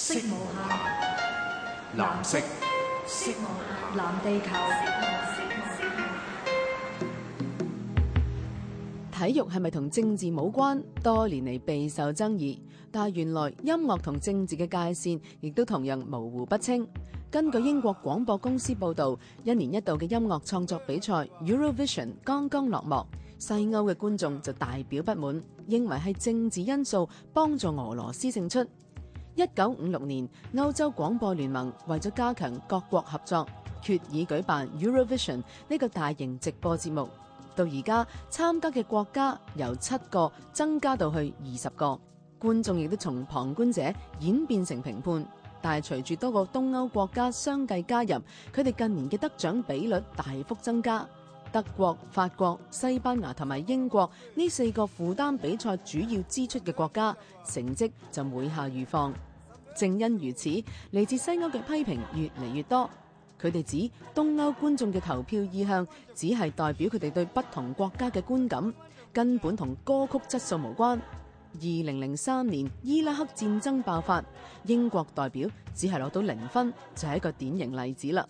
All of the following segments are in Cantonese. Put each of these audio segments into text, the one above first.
色無限，藍色，色無限，藍地球。體育係咪同政治冇關？多年嚟備受爭議，但係原來音樂同政治嘅界線亦都同樣模糊不清。根據英國廣播公司報導，一年一度嘅音樂創作比賽 Eurovision 剛剛落幕，西歐嘅觀眾就大表不滿，認為係政治因素幫助俄羅斯勝出。一九五六年，歐洲廣播聯盟為咗加強各國合作，決議舉辦 Eurovision 呢個大型直播節目。到而家，參加嘅國家由七個增加到去二十個，觀眾亦都從旁觀者演變成評判。但係隨住多個東歐國家相繼加入，佢哋近年嘅得獎比率大幅增加。德國、法國、西班牙同埋英國呢四個負擔比賽主要支出嘅國家，成績就每下愈況。正因如此，嚟自西歐嘅批評越嚟越多。佢哋指東歐觀眾嘅投票意向只係代表佢哋對不同國家嘅觀感，根本同歌曲質素無關。二零零三年伊拉克戰爭爆發，英國代表只係攞到零分，就係一個典型例子啦。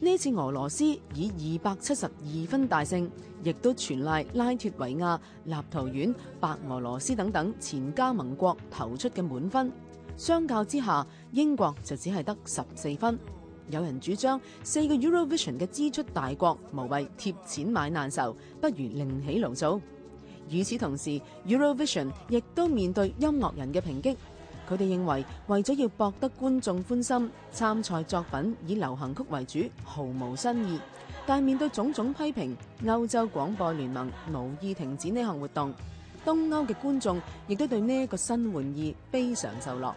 呢次俄羅斯以二百七十二分大勝，亦都全賴拉脫維亞、立陶宛、白俄羅斯等等前加盟國投出嘅滿分。相較之下，英國就只係得十四分。有人主張四個 Eurovision 嘅支出大國無謂貼錢買難受，不如另起爐灶。與此同時，Eurovision 亦都面對音樂人嘅抨擊，佢哋認為為咗要博得觀眾歡心，參賽作品以流行曲為主，毫無新意。但面對種種批評，歐洲廣播聯盟無意停止呢項活動。東歐嘅觀眾亦都對呢個新玩意非常受落，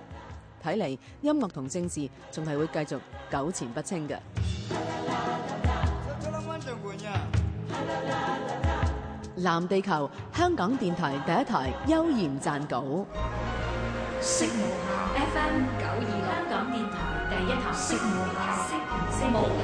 睇嚟，音樂同政治仲係會繼續糾纏不清嘅。藍地球，香港電台第一台邱焱撰稿，FM 九二香港電台第一台。